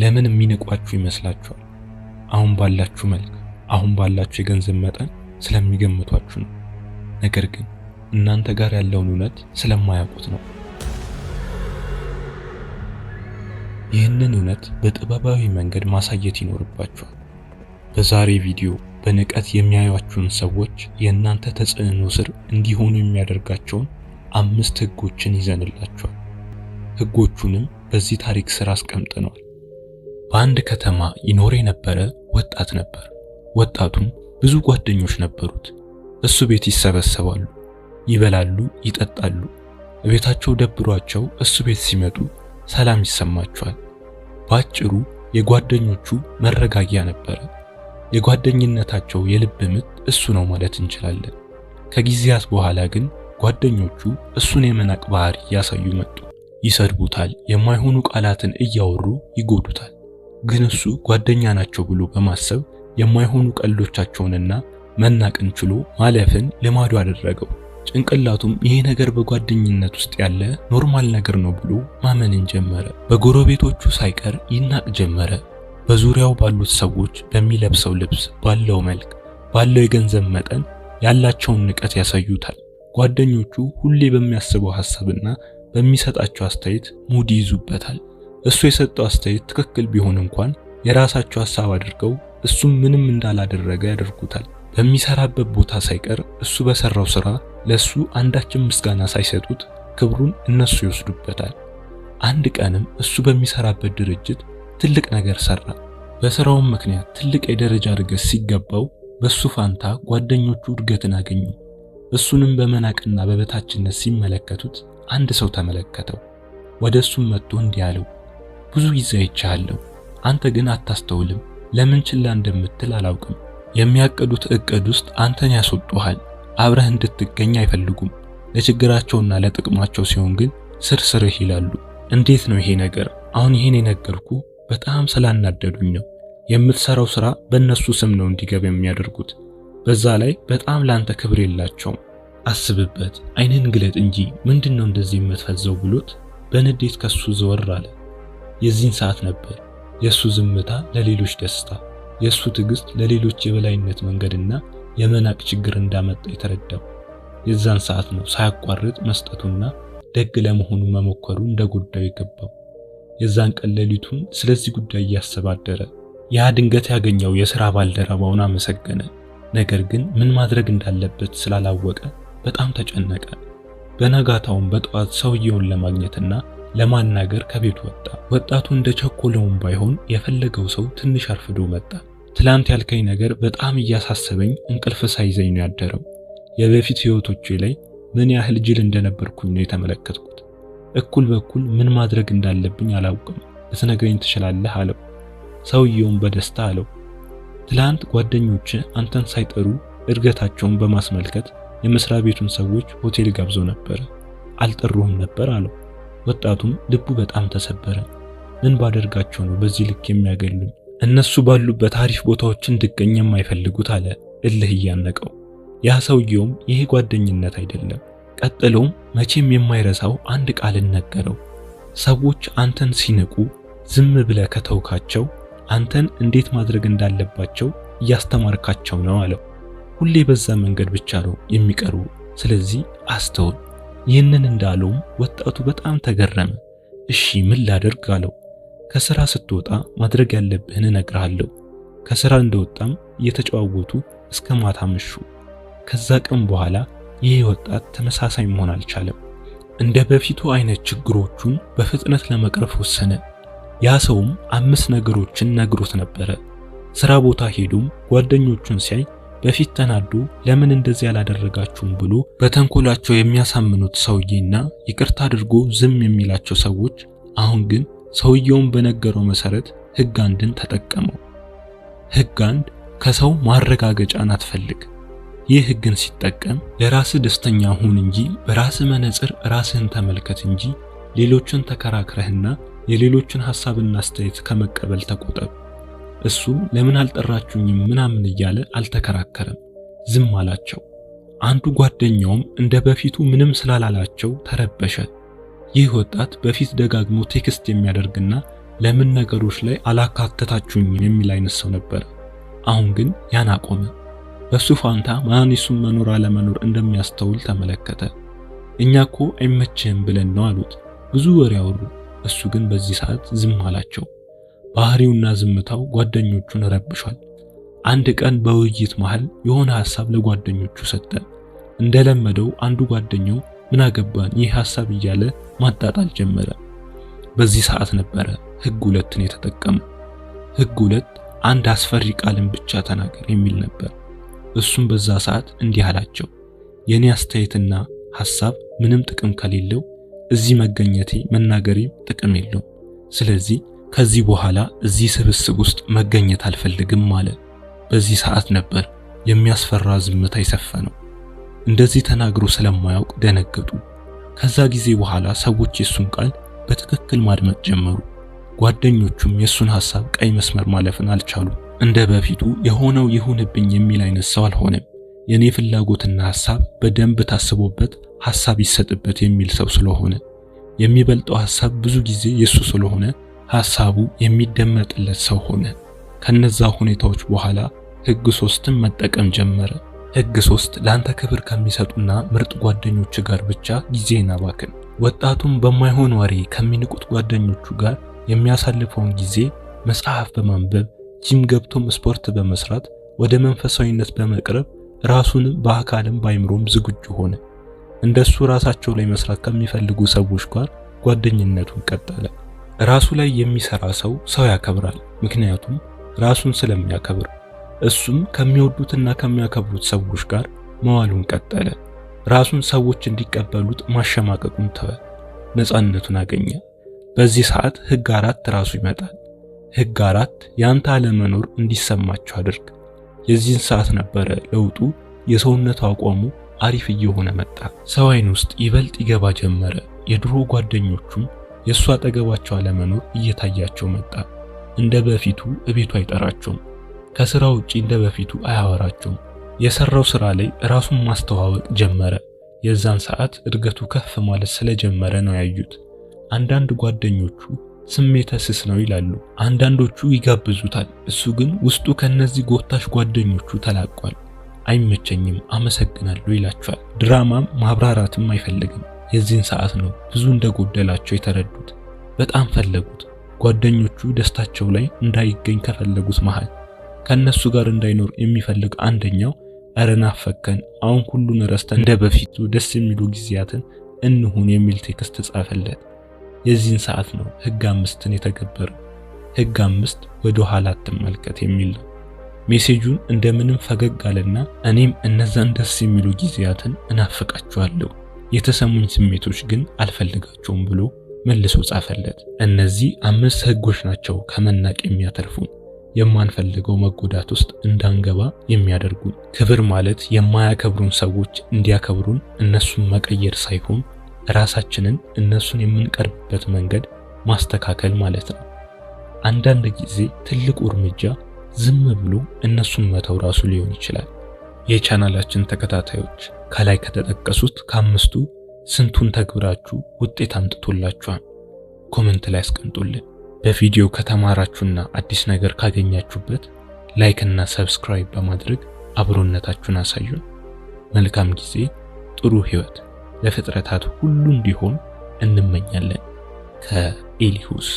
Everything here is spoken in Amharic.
ለምን የሚንቋችሁ ይመስላችኋል? አሁን ባላችሁ መልክ፣ አሁን ባላችሁ የገንዘብ መጠን ስለሚገምቷችሁ ነው። ነገር ግን እናንተ ጋር ያለውን እውነት ስለማያውቁት ነው። ይህንን እውነት በጥበባዊ መንገድ ማሳየት ይኖርባችኋል። በዛሬ ቪዲዮ በንቀት የሚያዩአችሁን ሰዎች የእናንተ ተጽዕኖ ስር እንዲሆኑ የሚያደርጋቸውን አምስት ህጎችን ይዘንላችኋል። ህጎቹንም በዚህ ታሪክ ስር አስቀምጠነዋል። በአንድ ከተማ ይኖር የነበረ ወጣት ነበር። ወጣቱም ብዙ ጓደኞች ነበሩት። እሱ ቤት ይሰበሰባሉ፣ ይበላሉ፣ ይጠጣሉ። ቤታቸው ደብሯቸው እሱ ቤት ሲመጡ ሰላም ይሰማቸዋል። በአጭሩ የጓደኞቹ መረጋጊያ ነበረ። የጓደኝነታቸው የልብ ምት እሱ ነው ማለት እንችላለን። ከጊዜያት በኋላ ግን ጓደኞቹ እሱን የመናቅ ባህሪ እያሳዩ መጡ። ይሰድቡታል፣ የማይሆኑ ቃላትን እያወሩ ይጎዱታል። ግን እሱ ጓደኛ ናቸው ብሎ በማሰብ የማይሆኑ ቀልዶቻቸውንና መናቅን ችሎ ማለፍን ልማዱ አደረገው። ጭንቅላቱም ይሄ ነገር በጓደኝነት ውስጥ ያለ ኖርማል ነገር ነው ብሎ ማመንን ጀመረ። በጎረቤቶቹ ሳይቀር ይናቅ ጀመረ። በዙሪያው ባሉት ሰዎች በሚለብሰው ልብስ፣ ባለው መልክ፣ ባለው የገንዘብ መጠን ያላቸውን ንቀት ያሳዩታል። ጓደኞቹ ሁሌ በሚያስበው ሐሳብና በሚሰጣቸው አስተያየት ሙድ ይይዙበታል። እሱ የሰጠው አስተያየት ትክክል ቢሆን እንኳን የራሳቸው ሐሳብ አድርገው እሱም ምንም እንዳላደረገ ያደርጉታል። በሚሰራበት ቦታ ሳይቀር እሱ በሰራው ስራ ለሱ አንዳችም ምስጋና ሳይሰጡት ክብሩን እነሱ ይወስዱበታል። አንድ ቀንም እሱ በሚሰራበት ድርጅት ትልቅ ነገር ሰራ። በስራውም ምክንያት ትልቅ የደረጃ እድገት ሲገባው በሱ ፋንታ ጓደኞቹ እድገትን አገኙ። እሱንም በመናቅና በበታችነት ሲመለከቱት አንድ ሰው ተመለከተው። ወደ እሱም መጥቶ እንዲህ አለው ብዙ ጊዜ አይቻለሁ። አንተ ግን አታስተውልም። ለምን ችላ እንደምትል አላውቅም። የሚያቀዱት እቅድ ውስጥ አንተን ያስወጡሃል። አብረህ እንድትገኝ አይፈልጉም። ለችግራቸውና ለጥቅማቸው ሲሆን ግን ስር ስርህ ይላሉ። እንዴት ነው ይሄ ነገር? አሁን ይሄን የነገርኩ በጣም ስላናደዱኝ ነው። የምትሰራው ስራ በእነሱ ስም ነው እንዲገባ የሚያደርጉት። በዛ ላይ በጣም ላንተ ክብር የላቸውም። አስብበት። አይንን ግለጥ እንጂ ምንድን ነው እንደዚህ የምትፈዘው ብሎት በንዴት ከሱ ዘወር አለ። የዚህን ሰዓት ነበር የእሱ ዝምታ ለሌሎች ደስታ፣ የእሱ ትዕግስት ለሌሎች የበላይነት መንገድና የመናቅ ችግር እንዳመጣ የተረዳው። የዛን ሰዓት ነው ሳያቋርጥ መስጠቱና ደግ ለመሆኑ መሞከሩ እንደጎዳው የገባው። የዛን ቀን ሌሊቱን ስለዚህ ጉዳይ እያሰባደረ ያ ድንገት ያገኘው የሥራ ባልደረባውን አመሰገነ። ነገር ግን ምን ማድረግ እንዳለበት ስላላወቀ በጣም ተጨነቀ። በነጋታውም በጠዋት ሰውየውን ለማግኘትና ለማናገር ከቤት ወጣ። ወጣቱ እንደ ቸኮለውን ባይሆን የፈለገው ሰው ትንሽ አርፍዶ መጣ። ትላንት ያልከኝ ነገር በጣም እያሳሰበኝ እንቅልፍ ሳይዘኝ ነው ያደረው። የበፊት ህይወቶቼ ላይ ምን ያህል ጅል እንደነበርኩኝ ነው የተመለከትኩት። እኩል በኩል ምን ማድረግ እንዳለብኝ አላውቅም። ልትነግረኝ ትችላለህ አለው። ሰውየውም በደስታ አለው፣ ትላንት ጓደኞች አንተን ሳይጠሩ እድገታቸውን በማስመልከት የመስሪያ ቤቱን ሰዎች ሆቴል ጋብዞ ነበር፣ አልጠሩህም ነበር አለው። ወጣቱም ልቡ በጣም ተሰበረ። ምን ባደርጋቸው ነው በዚህ ልክ የሚያገሉኝ? እነሱ ባሉበት አሪፍ ቦታዎች እንድገኝ የማይፈልጉት አለ እልህ እያነቀው። ያ ሰውየውም ይሄ ጓደኝነት አይደለም። ቀጥሎም መቼም የማይረሳው አንድ ቃልን ነገረው። ሰዎች አንተን ሲንቁ ዝም ብለህ ከተውካቸው አንተን እንዴት ማድረግ እንዳለባቸው እያስተማርካቸው ነው አለው። ሁሌ በዛ መንገድ ብቻ ነው የሚቀርቡ። ስለዚህ አስተውል። ይህንን እንዳለውም ወጣቱ በጣም ተገረመ። እሺ ምን ላደርግ አለው። ከስራ ስትወጣ ማድረግ ያለብህን እነግርሃለሁ። ከስራ እንደወጣም እየተጨዋወቱ እስከ ማታ መሹ። ከዛ ቀን በኋላ ይህ ወጣት ተመሳሳይ መሆን አልቻለም። እንደ በፊቱ አይነት ችግሮቹን በፍጥነት ለመቅረፍ ወሰነ። ያ ሰውም አምስት ነገሮችን ነግሮት ነበረ። ስራ ቦታ ሄዶም ጓደኞቹን ሲያይ በፊት ተናዱ ለምን እንደዚህ ያላደረጋችሁም ብሎ በተንኮላቸው የሚያሳምኑት ሰውዬና ይቅርታ አድርጎ ዝም የሚላቸው ሰዎች አሁን ግን ሰውየውን በነገረው መሰረት ህግ አንድን ተጠቀመው። ህግ አንድ ከሰው ማረጋገጫን አትፈልግ። ይህ ህግን ሲጠቀም ለራስህ ደስተኛ ሁን እንጂ በራስህ መነጽር ራስህን ተመልከት እንጂ ሌሎችን ተከራክረህና የሌሎችን ሐሳብና አስተያየት ከመቀበል ተቆጠብ። እሱም ለምን አልጠራችሁኝም ምናምን እያለ አልተከራከረም፣ ዝም አላቸው። አንዱ ጓደኛውም እንደ በፊቱ ምንም ስላላላቸው ተረበሸ። ይህ ወጣት በፊት ደጋግሞ ቴክስት የሚያደርግና ለምን ነገሮች ላይ አላካተታችሁኝም የሚል አይነት ሰው ነበር። አሁን ግን ያን አቆመ። በሱ ፋንታ ማን እሱን መኖር አለመኖር እንደሚያስተውል ተመለከተ። እኛ እኮ አይመችህም ብለን ነው አሉት። ብዙ ወሬ አወሩ። እሱ ግን በዚህ ሰዓት ዝም አላቸው። ባህሪውና ዝምታው ጓደኞቹን ረብሿል። አንድ ቀን በውይይት መሃል የሆነ ሐሳብ ለጓደኞቹ ሰጠ። እንደለመደው አንዱ ጓደኛው ምን አገባን ይህ ሐሳብ እያለ ማጣጣል ጀመረ። በዚህ ሰዓት ነበረ ህግ ሁለትን የተጠቀመ። ህግ ሁለት አንድ አስፈሪ ቃልን ብቻ ተናገር የሚል ነበር። እሱም በዛ ሰዓት እንዲህ አላቸው፣ የኔ አስተያየትና ሐሳብ ምንም ጥቅም ከሌለው እዚህ መገኘቴ መናገሬም ጥቅም የለውም። ስለዚህ ከዚህ በኋላ እዚህ ስብስብ ውስጥ መገኘት አልፈልግም አለ። በዚህ ሰዓት ነበር የሚያስፈራ ዝምታ የሰፈነው። እንደዚህ ተናግሮ ስለማያውቅ ደነገጡ። ከዛ ጊዜ በኋላ ሰዎች የሱን ቃል በትክክል ማድመጥ ጀመሩ። ጓደኞቹም የሱን ሐሳብ ቀይ መስመር ማለፍን አልቻሉ እንደ በፊቱ የሆነው ይሁንብኝ የሚል አይነት ሰው አልሆነም። የኔ ፍላጎትና ሐሳብ በደንብ ታስቦበት ሐሳብ ይሰጥበት የሚል ሰው ስለሆነ የሚበልጠው ሐሳብ ብዙ ጊዜ የሱ ስለሆነ ሐሳቡ የሚደመጥለት ሰው ሆነ። ከነዛ ሁኔታዎች በኋላ ህግ ሶስትን መጠቀም ጀመረ። ህግ ሶስት ለአንተ ክብር ከሚሰጡና ምርጥ ጓደኞች ጋር ብቻ ጊዜን አባክን። ወጣቱም በማይሆን ወሬ ከሚንቁት ጓደኞቹ ጋር የሚያሳልፈውን ጊዜ መጽሐፍ በማንበብ ጂም ገብቶም ስፖርት በመስራት ወደ መንፈሳዊነት በመቅረብ ራሱንም በአካልም በአይምሮም ዝግጁ ሆነ። እንደሱ ራሳቸው ላይ መስራት ከሚፈልጉ ሰዎች ጋር ጓደኝነቱን ቀጠለ። ራሱ ላይ የሚሰራ ሰው ሰው ያከብራል፣ ምክንያቱም ራሱን ስለሚያከብር። እሱም ከሚወዱትና ከሚያከብሩት ሰዎች ጋር መዋሉን ቀጠለ። ራሱን ሰዎች እንዲቀበሉት ማሸማቀቁን ተወ። ነፃነቱን አገኘ። በዚህ ሰዓት ህግ አራት ራሱ ይመጣል። ህግ አራት ያንተ አለመኖር እንዲሰማቸው አድርግ። የዚህን ሰዓት ነበረ ለውጡ። የሰውነቱ አቋሙ አሪፍ እየሆነ መጣ። ሰው አይን ውስጥ ይበልጥ ይገባ ጀመረ። የድሮ ጓደኞቹም የእሱ አጠገባቸው አለመኖር እየታያቸው መጣ። እንደ በፊቱ እቤቱ አይጠራቸውም። ከስራ ውጪ እንደ በፊቱ አያወራቸውም። የሰራው ስራ ላይ ራሱን ማስተዋወቅ ጀመረ። የዛን ሰዓት እድገቱ ከፍ ማለት ስለጀመረ ነው ያዩት። አንዳንድ ጓደኞቹ ስሜተ ስስ ነው ይላሉ፣ አንዳንዶቹ ይጋብዙታል። እሱ ግን ውስጡ ከነዚህ ጎታሽ ጓደኞቹ ተላቋል። አይመቸኝም፣ አመሰግናለሁ ይላቸዋል። ድራማም ማብራራትም አይፈልግም። የዚህን ሰዓት ነው ብዙ እንደጎደላቸው የተረዱት። በጣም ፈለጉት። ጓደኞቹ ደስታቸው ላይ እንዳይገኝ ከፈለጉት መሃል ከነሱ ጋር እንዳይኖር የሚፈልግ አንደኛው እረ አፈከን አሁን ሁሉን ረስተን እንደ በፊቱ ደስ የሚሉ ጊዜያትን እንሁን የሚል ቴክስት ጻፈለት። የዚህን ሰዓት ነው ህግ አምስትን የተገበረ። ህግ አምስት ወደ ኋላ አትመልከት የሚል ነው። ሜሴጁን እንደምንም ፈገግ አለና እኔም እነዛን ደስ የሚሉ ጊዜያትን እናፍቃችኋለሁ የተሰሙኝ ስሜቶች ግን አልፈልጋቸውም ብሎ መልሶ ጻፈለት። እነዚህ አምስት ህጎች ናቸው ከመናቅ የሚያተርፉን፣ የማንፈልገው መጎዳት ውስጥ እንዳንገባ የሚያደርጉን። ክብር ማለት የማያከብሩን ሰዎች እንዲያከብሩን እነሱን መቀየር ሳይሆን ራሳችንን እነሱን የምንቀርብበት መንገድ ማስተካከል ማለት ነው። አንዳንድ ጊዜ ትልቁ እርምጃ ዝም ብሎ እነሱን መተው ራሱ ሊሆን ይችላል። የቻናላችን ተከታታዮች ከላይ ከተጠቀሱት ከአምስቱ ስንቱን ተግብራችሁ ውጤት አምጥቶላችኋል? ኮመንት ላይ አስቀምጡልን። በቪዲዮ ከተማራችሁና አዲስ ነገር ካገኛችሁበት ላይክ እና ሰብስክራይብ በማድረግ አብሮነታችሁን አሳዩን። መልካም ጊዜ፣ ጥሩ ህይወት ለፍጥረታት ሁሉ እንዲሆን እንመኛለን። ከኤሊሁስ